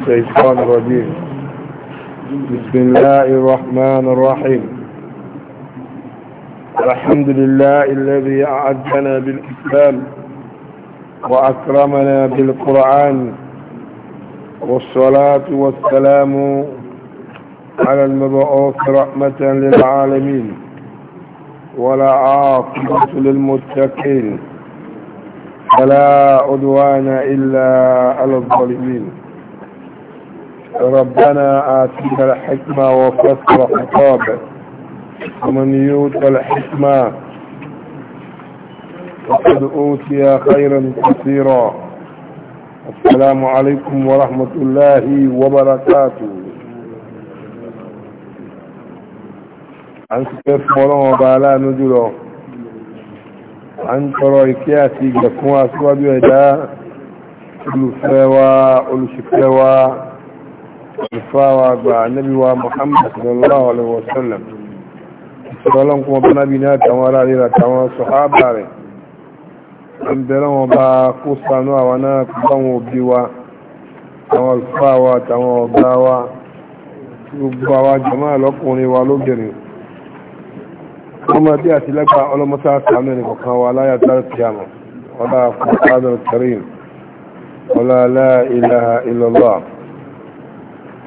الشيطان الرجيم بسم الله الرحمن الرحيم الحمد لله الذي أعدنا بالإسلام وأكرمنا بالقرآن والصلاة والسلام على المبعوث رحمة للعالمين ولا عاقبة للمتقين فلا عدوان إلا على الظالمين ربنا آتنا الحكمة وفصل خطابه ومن يوت الحكمة وقد أوتي خيرا كثيرا السلام عليكم ورحمة الله وبركاته عن سكيف مولانا وبعلا نجله عن ترويكياتي لكم أسواب يدا olùfẹ́ wa olùṣìfẹ́ wa alfawa ga annabi wa muhammad sallallahu alaihi wasallam sallallahu kuma bana bi na tawon rari da tawon sahaba re an bẹ̀rẹ̀ wọn bá kó sanu àwọn náà báwọn òbí wa àwọn alfawa tàwọn ọ̀gá wa gbogbo àwọn jama lọ́kùnrin wa lóbìnrin ọmọdé àti lẹ́gbà ọlọ́mọta sàánú ẹnìkọ̀kan wa láyàtà kìámọ̀ ọlá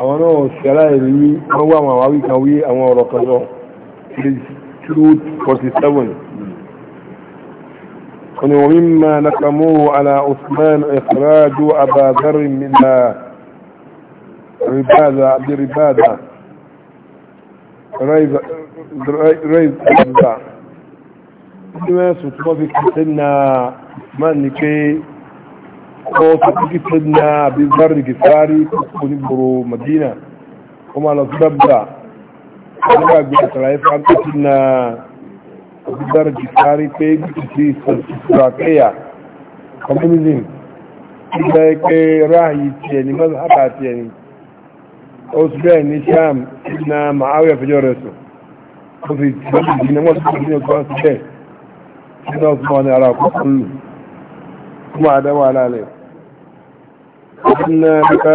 àwọn náà ṣẹlá ìrí wọ́n wà àwọn àwáwí kan wí àwọn ọ̀rọ̀ kan lọ page 247 wọ́n ni wọ́n mímọ̀ nàkàmú ala usman ìfàrájú àbázarin nílá ribada bí ribada raiza ìgbìmọ̀ sùn tí fi kìí sẹ́nà usman ni pé ko su kuki sunna bin zarri buru madina kuma na su dabda wani ba gbe a tsaraye fa ka sunna bin zarri gifari ko yi kuki surakeya communism da ya kai rahayi ce ni mazhaba ce ni osu bẹ́ẹ̀ ni sham na ma'awiyar fijiyar rasu ko fi jini wasu kusurin kuwa su bẹ́ẹ̀ shi za su ma wani kusurin kuma a dama وكنا بك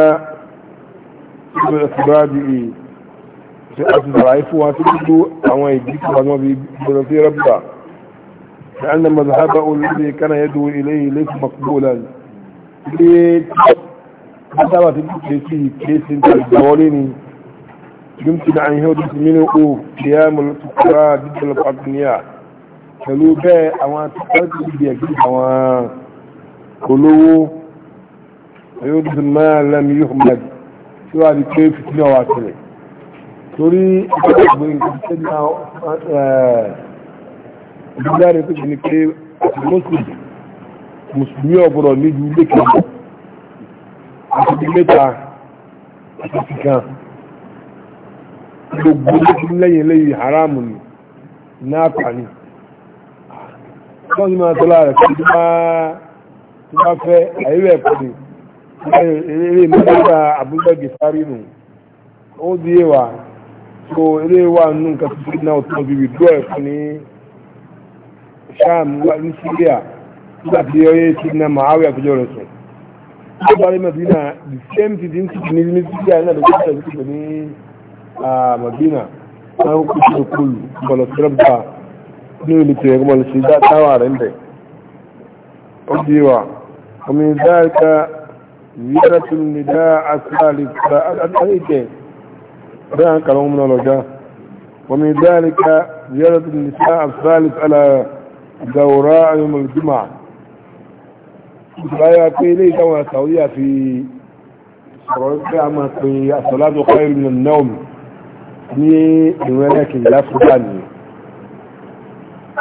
ibẹ̀ ìfìbájú yìí ṣe a ti zàráyé fún wa tí gbogbo àwọn ìdí tí wọn bí gbọ́dọ̀ sí rẹ́bùdà ṣe an na mazahaba olùdíje kana yẹ dúró ilé ilé fún makbola ilé tí sábà ti dúkìá sí ìké sí ní ìgbàwọlé ni dum ti da an yi hudu mini o kìíyà mọlọtukura dídọlọ pàtàkìyà pẹ̀lú bẹ́ẹ̀ àwọn àti pàtàkì ìdí ẹgbẹ́ àwọn olówó ويرد ما لم يحمد سوى لكيف تلواتني torí ìgbàlẹ̀ tó ní pé àti mùsùlùmí ọ̀bọ̀rọ̀ nílùú ilé kan àti ìlẹ́ta àti ìkan gbogbo lókùn lẹ́yìn lẹ́yìn haramu ni náà pàní wọ́n ni máa tọ́lá rẹ̀ pẹ̀lú bá fẹ́ àìrẹ̀ pẹ̀lú eré mẹ́ta àbúgbà gẹ̀fárí nù ó di ẹwà so eré wà nù nǹkan tó ti náà tó bí wìdúrọ̀ ẹ̀fọ́ ní sham ní syria nígbà tí ó yẹ ti na mahawí àtijọ́ rẹ̀ sùn ó parí madina the same thing ní ti ní syria náà ló kọ́ ẹ̀sìn pẹ̀lú ní madina náà ó kó sí okòlù bọ̀lọ̀ tẹ́lẹ̀bà ní olè tẹ̀lé bọ̀lọ̀ sí dáwà rẹ̀ ń bẹ̀ ó di ẹwà ọmọ ìdáríkà ويرة النداء الثالث فأدعيك ده كلام من الوجه ومن ذلك زيارة النساء الثالث على دوراء يوم الجمعة لا يقول لي كما سوية في كما في الصلاة خير من النوم ni ìrìnlẹ́kì láfíríkà ni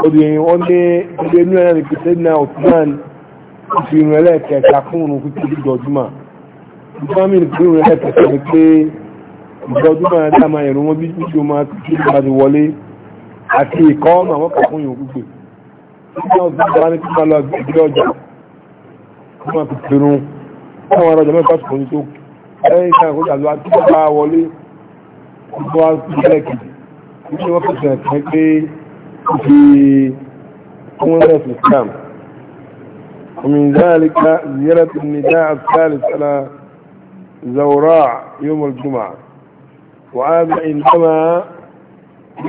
ó di ẹ̀yìn wọ́n ní ilé ní ẹ̀rẹ́ ìpìtẹ́ náà òtúnmáà ìfihàn ẹlẹ́ẹ̀kẹta fún òun fún títí ìjọjúmọ̀ ìfọ́nmí ìfihàn ẹlẹ́ẹ̀kẹta ni pé ìjọjúmọ̀ ẹ̀dá máa yẹ̀rù wọn bí títí o máa títí ìjọba ti wọlé àti ìkọ́ ọmọ àwọn kà fún ìyókù pé nígbà ọdún ìjọba ní kíkọ́ lọ ìdílé ọjà wọ́n máa fi pinnu láwọn ọjà mẹ́fà sọ̀rọ̀ ní tó ẹ̀yìn kan àkójà lọ àti ìjọba wọlé ìjọba ìjọlẹ̀kì nígbà wọ́n fi sọ̀rọ̀ kẹ́ pé ó fi kún ẹ̀sìn scam ومن ذلك زيارة النداء الثالث على زوراع يوم الجمعة وهذا إنما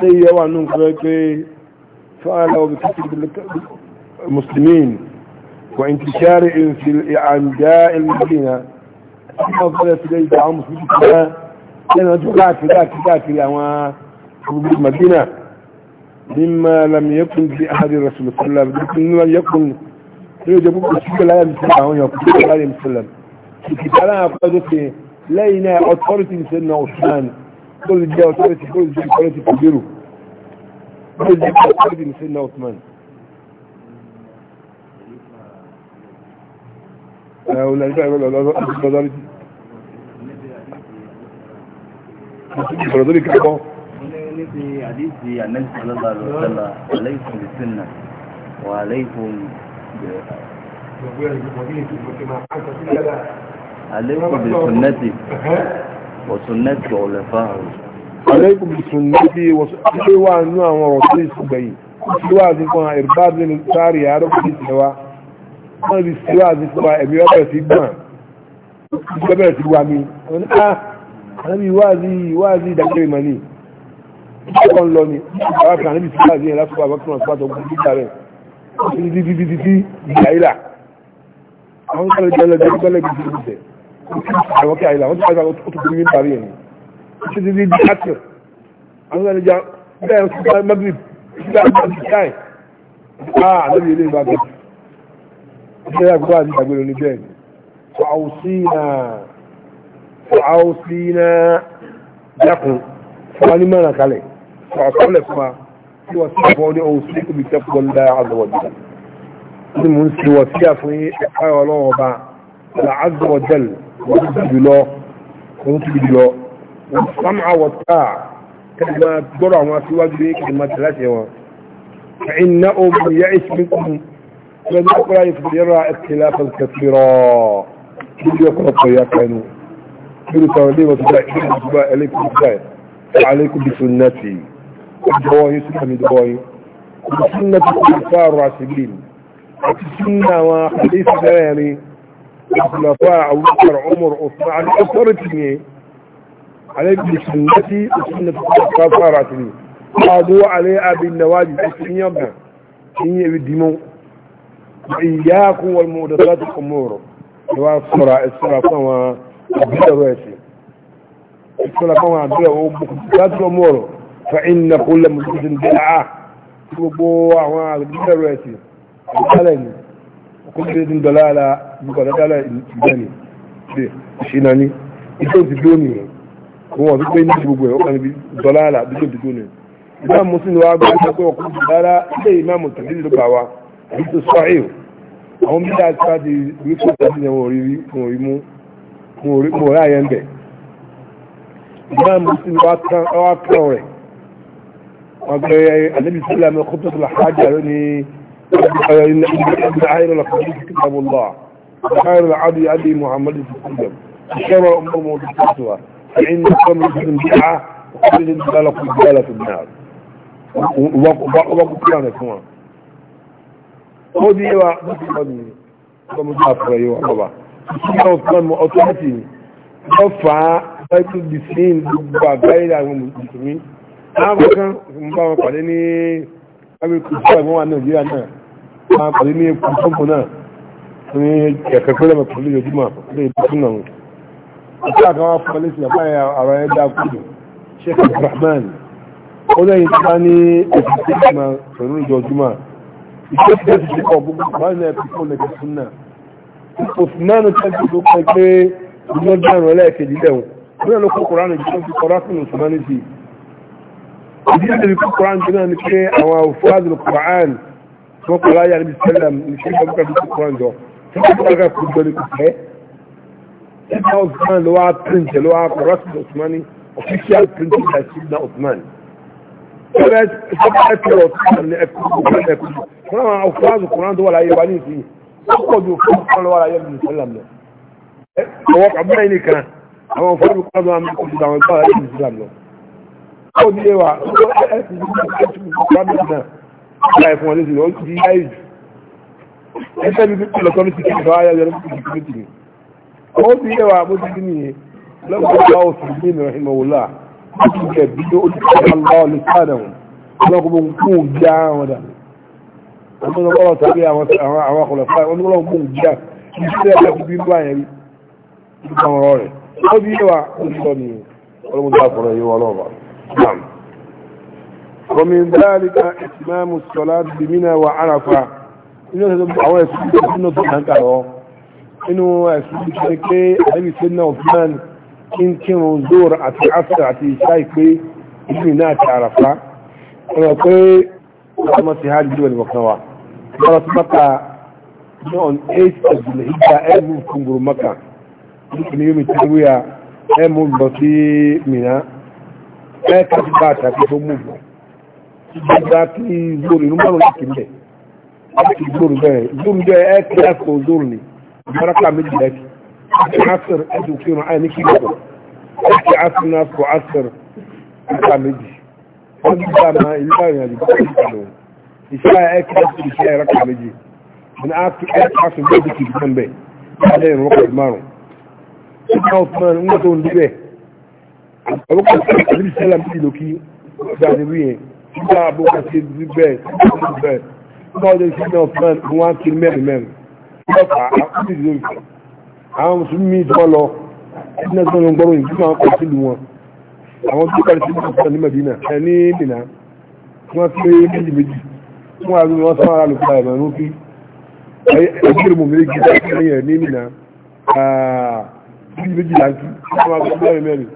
لي وعنون كريكي فعلوا بكثرة المسلمين وانتشار في الإعجاء المدينة أفضل سليل دعوة مسلمين كان رجل في ذاك لأما الأوان المدينة مما لم يكن في أحد الرسول صلى الله عليه وسلم لم يكن ní ojú púpọ̀ síbẹ̀ láyé mi sílẹ̀ àwọn èèyàn kúrò láyé mi sílẹ̀ ìkìtà láyé àkọ́jọ́ pé lẹ́yìn náà authority ń sẹ́nu Osman tó lè jẹ́ authority tó lè jẹ́ authority kàbírù tó lè jẹ́ authority ń sẹ́nu Osman. Ọ̀rọ̀ tó lè kẹ́kọ̀ọ́. Níbi àdíjì ànẹ́sì ọlọ́lá lọ́sẹ̀lá, àlẹ́ ìfún ìsìn náà, wà àlẹ́ ìfún عليكم بسنتي وسنة خلفاء عليكم بسنتي وسنتي وانو عن رسول سبعي سوا ذكوا إرباد من التاري يا رب سوا ما دي سوا ذكوا أبي أبي سيدنا أبي سيدنا مين أنا أنا بيوازي وازي دكتور ماني كون لوني أنا بيوازي لا سوا بكرة سوا تقول لي títí ìgbà ìlà àwọn tó lè jẹ́lẹ̀ jẹ́lẹ̀ jẹ́lẹ̀ bí i jẹ́ àwọn kí àìlà wọ́n tó pàṣẹ àwọn tó kúrò ní parí ẹ̀yìn títí di dátìr àwọn tó lè jẹ́ bẹ́ẹ̀ sí parí magrib sí parí magrib táì ah lórí ilé ìgbà bẹ́ẹ̀ ṣe yà gbọ́ àti ìgbàgbé lónìí bẹ́ẹ̀ ni fàáwùsínà fàáwùsínà dákun fún wa ní mọ́ràn kalẹ̀ fàáwùsínà fún وصفوني أوصيكم بتقوى الله عز وجل المنسي وصيفني أحيى الله وبع عز وجل وصف الله وصف الله والسمع والطاعة كلمة درع ما سوى ذلك كلمة ثلاثة فإنه من يعيش منكم من أقرأ يرى اختلافا كثيرا كل يقرأ يا كانوا كل تولي وتدعي عليكم بسنتي الدواهي سنة الدواهي وسنة الخلفاء الراشدين السنة وخليفة ثاني الخلفاء أبو بكر عمر عثمان على أسرتني عليه بسنتي وسنة الخلفاء الراشدين قادوا عليه أبي النواجد عشرين يوما إن يبدموا وإياكم والمؤدسات الأمور الصلاة الصلاة كما أبدا الراشد الصلاة كما أبدا الأمور فإن كل محدث بدعة gbogbo àwọn àgbẹ̀rẹ̀ rẹ̀ sí ìdálẹ̀ ni ọkùnrin tí ń dọ̀lára ìgbàdádálẹ̀ ìgbẹ́ ni ṣe ìṣìnà ni ìṣẹ́ ti dó nìyẹn wọ́n wọ́n tó pé ní gbogbo ẹ̀ ọkùnrin dọ̀lára ìṣẹ́ ti dó nìyẹn ìgbà mú sínú wa gbọ́dọ̀ pé ọkùnrin dọ̀lára ilé ìmáàmù tàbí ìlú bá èyí tó sọ èèw àwọn bí dáa sáà ti rí fún ìtàbí yẹn wọn rí wọn rí mú wọn rí mú ọ̀rá yẹn bẹ̀ ìgbà mú wa kán rẹ̀ وقال النبي صلى الله عليه وسلم خطة الحاجة يعني إن عائل الحديث كتاب الله خير العدي عدي محمد صلى الله عليه وسلم شر أمر مدرساتها فإن كم رجل بدعة وكل ذلك رجال في النار وقفنا كمان خذي وقفني ومجافر أيها الله سنة وثمان مؤتمتي رفع بيت الدسين بغير المسلمين láàbọ̀ kan mo bá wọn pàdé ní abẹ́kù tí wọ́n wà nàìjíríà náà wọ́n pàdé ní ẹkù tọ́pù náà ní ẹ̀kẹ́ pẹ́lẹ́ mọ̀ pẹ̀lú ìjọjúmọ̀ àpapọ̀lẹ́ ìbùkún náà àti àkàwọn afọ́lẹ́sì àbáyé ara ẹ̀ dá kúrò sheikh abdulrahman ó lẹ́yìn tí wọ́n ní ẹ̀kù tí wọ́n máa pẹ̀lú ìjọjúmọ̀ ìṣe tí wọ́n ti ṣe kọ̀ gbogbo wọ́n ní fún ẹ̀kù fún náà osman tẹ́jú tó pẹ́ pé ìjọjúmọ̀ ẹ̀kejì lẹ́wọ̀n ìdílé ìdílé kí koran tó náà ni pé àwọn òfúrádì ní koran tó kọ láyé àríbi sẹlẹm ní ṣe ìgbà bùkà tó koran jọ tó kọ koran ká kú jọ ní kò fẹ́ ẹgbẹ́ osman ló wá print ló wá kọrọ́sì osmani official printing by sidna osman ẹgbẹ́ ìṣọ́kọ̀ ẹ̀kọ́ osman ní ẹ̀kọ́ ẹ̀kọ́ koran àwọn òfúrádì koran tó wà láyé wa ní ìsìn ó pọ̀ ju òfúrádì koran lọ́wọ́ láyé àríbi sẹlẹm lọ ọwọ́ àbúrò yìí nìkan àwọn òfúrádì koran tó wà ní ìsìn ó ní ẹwà ẹ̀sìn ní ẹ̀sìn ìgbàmìnà láì fún ọdún sílẹ̀ ó ti yáyì jù ẹ̀sẹ̀ ní pípẹ́ lọ́kọ́ ní síkẹ́ ìfọwọ́ ayẹyẹ lọ́kọ́ ní síkẹ́ tìrì ó ti ẹwà bó ti dín nìyẹn lọ́kọ́ ó sì ní ìmọ̀ ìmọ̀wòlá ó ti jẹ́ bí ó ti kọ́ lọ́ lè sáàdà wọn lọ́kọ́ bó ń kún ògbé àwọn dà àwọn ọlọ́kọ́ tàbí àwọn akọlọ̀fà wọn lọ́kọ́ bó ń gbé iṣẹ́ ẹ̀kọ́ bí ń bá yẹn rí ìgbà ọ̀rọ̀ rẹ̀ ó ti نعم ومن ذلك اتمام الصلاة بمنى وعرفة إنه تدبع ويسوك إنه تدهنك أهو إنه يسوك لكي أبي سنة عثمان إن كان زور أتي عصر أتي شايكي بمنى تعرفة ولكي أما سهاد جوال مقنوة مرة مكة نعم إيس أجل هيدا أبو كنغر مكة يمكن يوم التنوية أمو البطيء منها ẹ́ẹ̀kà ti bá àtàkì tó mú bọ̀ ìgbà kí zoro inú márùn láti ń bẹ̀ láti zoro bẹ̀rẹ̀ zoro jẹ́ ẹ́ẹ̀kì àkọ́ zoro ni ìbárakà méjì lẹ́kì ẹ́ẹ̀kì asir ẹ̀dùn kí ọ̀nà àyẹ̀ ní kí lọ́kọ̀ ẹ́ẹ̀kì asir náà kọ asir ìgbà méjì wọ́n ti gbà máa ìlú àyàn àdìgbò ìgbà lọ ìṣe ẹ́ẹ̀kì asir ìṣe ẹ̀rọ̀kà méjì ìṣe ẹ́ẹ̀kì asir méjì kì í gbọ́n bẹ̀ ọlọ́pàá àbí ìṣẹ̀lẹ̀ àbí ìlòkì ọjà níbí yẹn nígbà àbúkà sí ibi bẹ́ẹ̀ sí ibi bẹ́ẹ̀ nígbà ọjọ́ ìṣẹ̀lẹ̀ náà fún ẹ̀ wọ́n á kiri mẹ́rin mẹ́rin ọlọ́pàá àkúrò ìlú ìfẹ́ àwọn mùsùlùmí ìjọba lọ ẹni náà sọ̀rọ̀ gbọ́rọ̀ yìí fún àwọn kan sílù wọn àwọn tó kàrí sílù wọn ní Madina ẹ ní Mina wọ́n fi méjì méjì fún àwọn wọn sọ ara lùkọ́ ẹ̀mọ̀ ní fi ẹgbẹ́rún mọ̀ méjì ní Mina méjì méjì láti fún àwọn akọ́kọ́ mẹ́rin mẹ́rin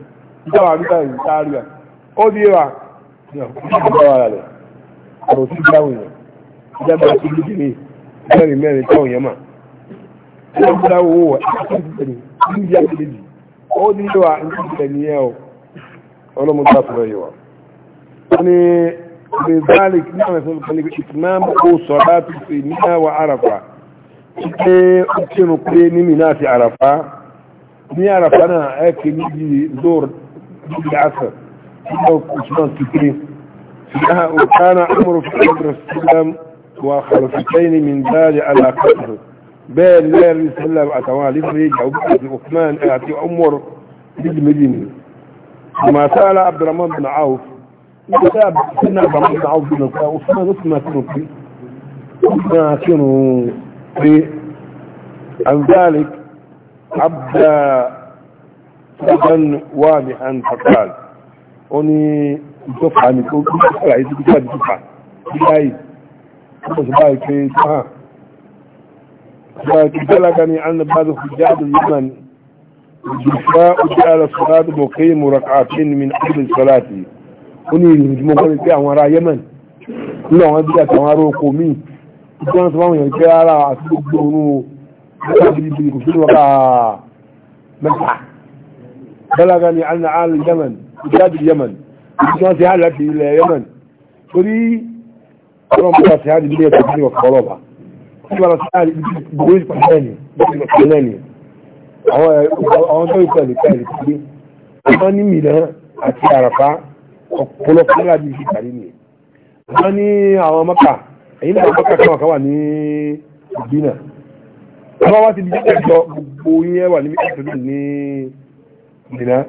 ìjọba àbíkà yìí sáárì à ó di wa ìjọba wà rẹ̀ ọ̀rọ̀ sí ìjáwó yẹn ìjábọ̀ sí ìlú ìdílé mẹ́rin mẹ́rin táwọn yẹn mà ìjọba ìjọba owó wọ̀ ẹ̀ka sí ìtẹ̀lẹ̀ ní ìyá ìdílé ó di wa ní ìtẹ̀lẹ̀ yẹn o ọlọ́mọdé àtúrọ̀ yìí wa. wọ́n ní بذلك نعم الإتمام هو صلاة في منى وعرفة أكن قليل من ناس عرفة ni arafa náà ẹ kì í di zor بالعفو إنه عثمان كثير فيها وكان عمر في عمر السلام وخلفتين من ذلك على قصر بين لا يسلم أتوالي فريج أو بعد عثمان أعطي عمر للمدينة ما سأل عبد الرحمن بن عوف كتاب سنة عبد الرحمن بن عوف بن عثمان اسمه كانوا فيه ما كانوا فيه عن ذلك عبد ọjọ́n wà ní antarctic ó ní ìjọba ní kó kí ọ̀rọ̀ àìsí kíkà ní kíkà níláyì ó sì bá ìpé sáà ìjọba ìjọba ní anabadu hujjadu yaman ìjọba ojú ara sọ́láàtì mọ̀ kí mo rà káàkiri ní mi ní sọ́láàtì ó ní ìrìn ìjọba kọ́ ní pé àwọn ará yemen nínú àwọn bí àtàwọn ará oko míì ìjọba sọ fáwọn èèyàn jẹ́ ara àti gbogbo orun ó ní ìjọba kò sí mẹ́ta بلغني أن أهل اليمن بلاد اليمن كان في حالة اليمن ولي أنا مرة في هذه البلية تبني وقلوبها مرة في هذه بقول فلاني بقول فلاني هو هو ده يقال يقال كده أنا ميلا أتعرف ọ̀pọ̀lọpọ̀ nígbà bí ìṣẹ̀lẹ̀ ní ẹ̀ wọ́n ní àwọn mọ́kà èyí náà mọ́kà kan kan wà ní ìbínà wọ́n wá ti di jíjẹ́ jọ gbogbo yẹn wà ní ẹ̀sìn ní nìyẹn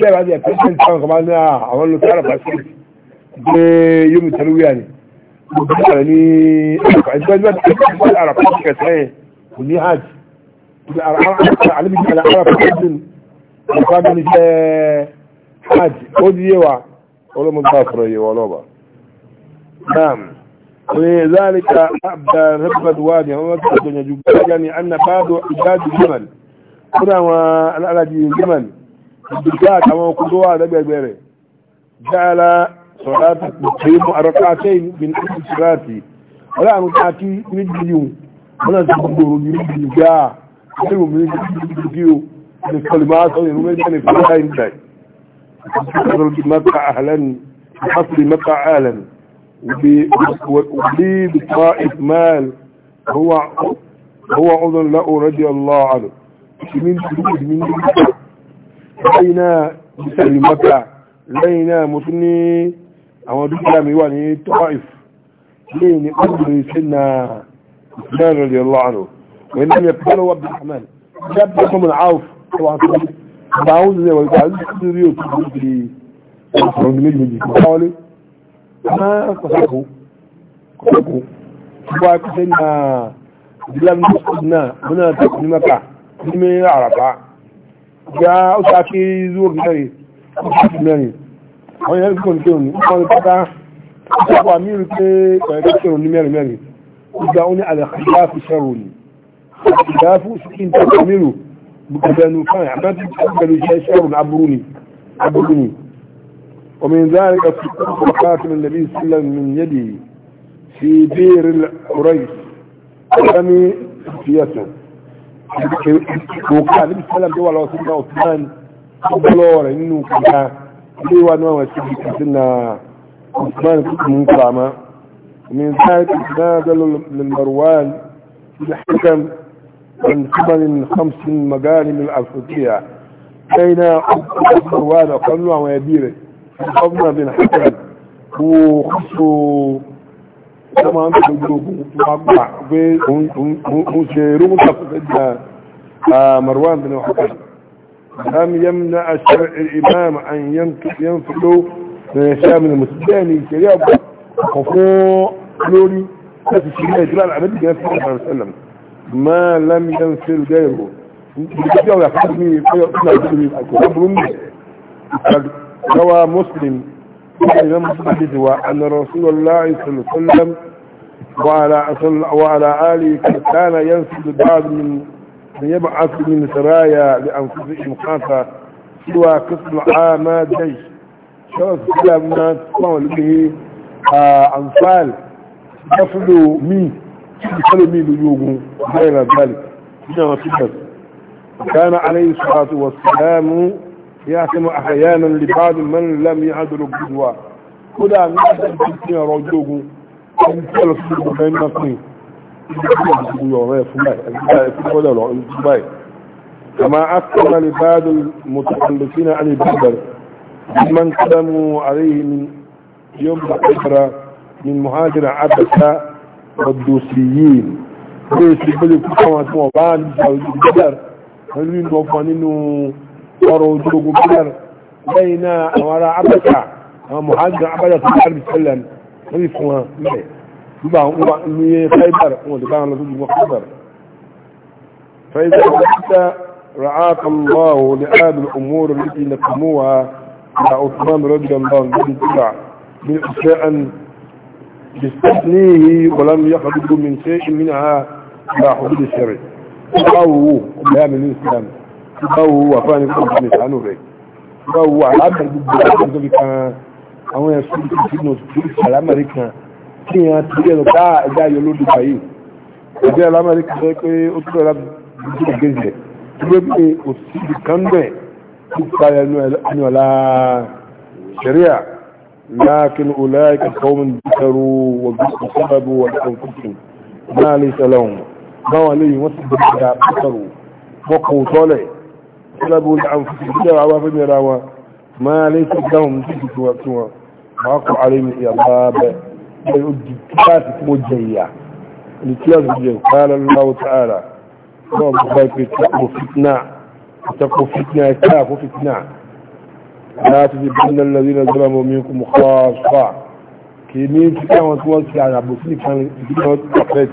bí ẹ bá jẹ pẹ́sẹ́ntì táwọn kan bá ní àwọn lókè àrà pàṣẹ́ntì gbé yomi tẹ́lúwíà ni gbogbo ìgbà ní àrà pàṣẹ́ntì kẹsàn-án kò ní hajj alibidi àrà pàṣẹ́ntì nípa mi ní sẹ́ hajj ó di yé wa ọlọ́mọdé bá sọ̀rọ̀ yé wa ọlọ́ba. ولذلك أبدى ربة وادي وما تقدم يجب أن أن بعض عباد الجمل kódà àwọn alájì yemen ìdíkà àtàwọn ọkùn tó wà lẹ́gbẹ̀gbẹ̀ rẹ̀ dáàlá sọ̀rọ̀tà tèémù àrọ́kàtẹ́ ìbìn ìsìláàtì ọ̀rẹ́ àwọn tààkì nígbìyàn wọ́n náà ti gbogbo òrùn ní ìgbà ẹ̀rù mi ní ìgbìyàn ní kọlùmọ́ sọ ìrú méjì ní fún láì dẹ̀ mẹ́ta àhàlẹ́n حصل مكة عالم وليد طائف مال هو هو أذن له رضي الله عنه من تجد من لينا بسر مكة لينا متني أو دكامي واني طائف لين أدري سنة عثمان رضي الله عنه وإن لم يقبله عبد الرحمن جاب لكم العوف طبعا بعوز زي والبعوز يو تجري عند مجمد حوالي ما قصده قصده وقت سنة بلاد مصدنا هنا تكون مكة ní àràbá já ó sá kí zúwò mẹ́rin ó sá kí mẹ́rin àwọn yẹn kò ní kí òní wọ́n ní pátá ó sá kó àmì rí pé kọ̀ọ̀kẹ́ kí òní mẹ́rin mẹ́rin ó gba ó ní àlẹ́kàdáfù sẹ́rù ni àlẹ́kàdáfù sí kí n tẹ́ òkú àníbi sálàm tó wà lọ sí náà osman tó bọ́lọ́ rẹ̀ nínú kàkà ilé wa náà wọ́n ti di kàtí na osman tó kù mú من ذلك تنازل من مروان في الحكم عن ثمن خمس مغانم الأفريقية بين مروان وقالوا عن يبيره فقمنا بن حكم وخصو تمام مروان بن وحكام لم يمنع الشرع الإمام أن ينفق ينفق من الشام المسلماني كريب خفو كلوري كاس الشمية جلال العبد ينفق الله عليه وسلم ما لم ينفق غيره يقول يا حكمي يقول يا حكمي يقول يا حكمي يقول مسلم يقول يا مسلم أن رسول الله صلى الله عليه وسلم وعلى, وعلى آله كان ينسد بعض من يبعث من سرايا لأنفسهم خاصة سوى قسم عام جيش كلام سلامنا تقول به آه، أنفال يفلوا مين يفلوا مين ليوم غير ذلك إنما سبب وكان عليه الصلاة والسلام يحكم أحيانا لبعض من لم يعد القدوة كل أن يحكم رجوه كما أكثر لبعض المتحدثين عن البدر من قدموا عليه من يوم الأخرى من مهاجر عبسة والدوسيين ليس بلي كما أسمع بعض البدر هل من دوفان إنه قروا جوق البدر بين وراء عبسة ومهاجر عبسة الله عليه وسلم wọ́n yìí fún wọn mẹ́ẹ̀ nígbà wọn ní fáìbàr wọn lè bá wọn lọ sójú wọn fáìbàr fáìbàr nígbà رعاك الله لهذه الأمور التي نقموها مع عثمان رضي الله عنه بالتبع من أشياء باستثنيه ولم يخرج من شيء منها لا حدود الشرع تباوه قبلها من الإسلام تباوه وفاني قبل الإسلام تباوه على عبد الجبل àwọn ẹ̀sùn tó ti mọ̀ sí àlámẹ́rí kan tí ìyẹn ti rí ẹ̀rọ ká ẹgbẹ́ ayọ̀ ló dùn báyìí ẹgbẹ́ àlámẹ́rí kan sọ pé ó tún lọ́la dùn sí gẹ̀ẹ́sẹ̀ tó lé pé kò sí ibi kan tó fa ẹnu ọ̀la sẹ̀ríà láàkín ọ̀la ìkàkọ́wọ́n dìkẹ̀rù wọ̀gbọ̀n sábàbù wọ̀gbọ̀n ما ليس لهم تجد وقتها وقع عليهم الإعلاب الكتاب موجهية الاتياز بالجهة قال الله تعالى رب خلق اتقوا فتنة اتقوا فتنة اتقوا فتنة لا تجبن الذين ظلموا منكم خاصة كمين كان وتوسع على بسيط كان يتقفت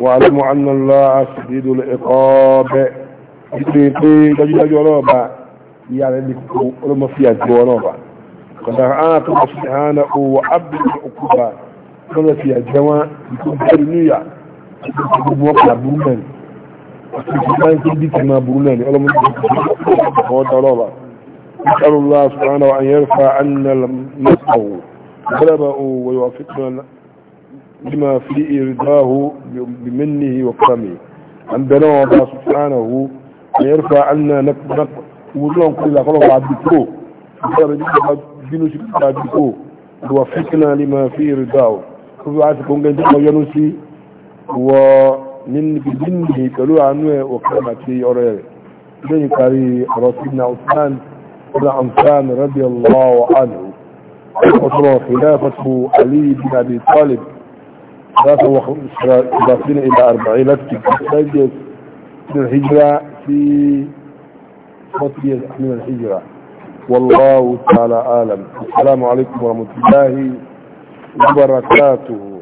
واعلموا أن الله شديد العقاب يقول لك دجل جرابا ìyá rẹ̀ lè kó ọlọ́mọ fi àjọ ọlọ́ọ̀bà kọ̀dà áà tó bá fi hàn owó abdul okuba lọ́nà fi àjẹ wọn ìkó bẹ́ẹ̀rù níyà àti gbogbo ọkọ̀ àbúrú náà ni àti ìgbà ń tó bí ti máa burú náà ni ọlọ́mọ tó fi kọ́ ọlọ́ọ̀bà نسأل الله سبحانه أن يرفع عنا نفسه غلبه ويوفقنا لما فيه رضاه بمنه وكرمه عندنا الله سبحانه أن يرفع عنا نقص ولو كل خلوا بعد بكو بينو شي بعد بكو ووفقنا لما فيه رضاه وعاد كون جنت ينوسي و من بدنه قالوا عنه وكلمتي أوريه لن يكاري رسولنا عثمان بن عثمان رضي الله عنه وصل خلافة علي بن أبي طالب ثلاثة وخمسة إلى أربعين لتك من الهجرة في خطية من الحجرة والله تعالى آلم السلام عليكم ورحمة الله وبركاته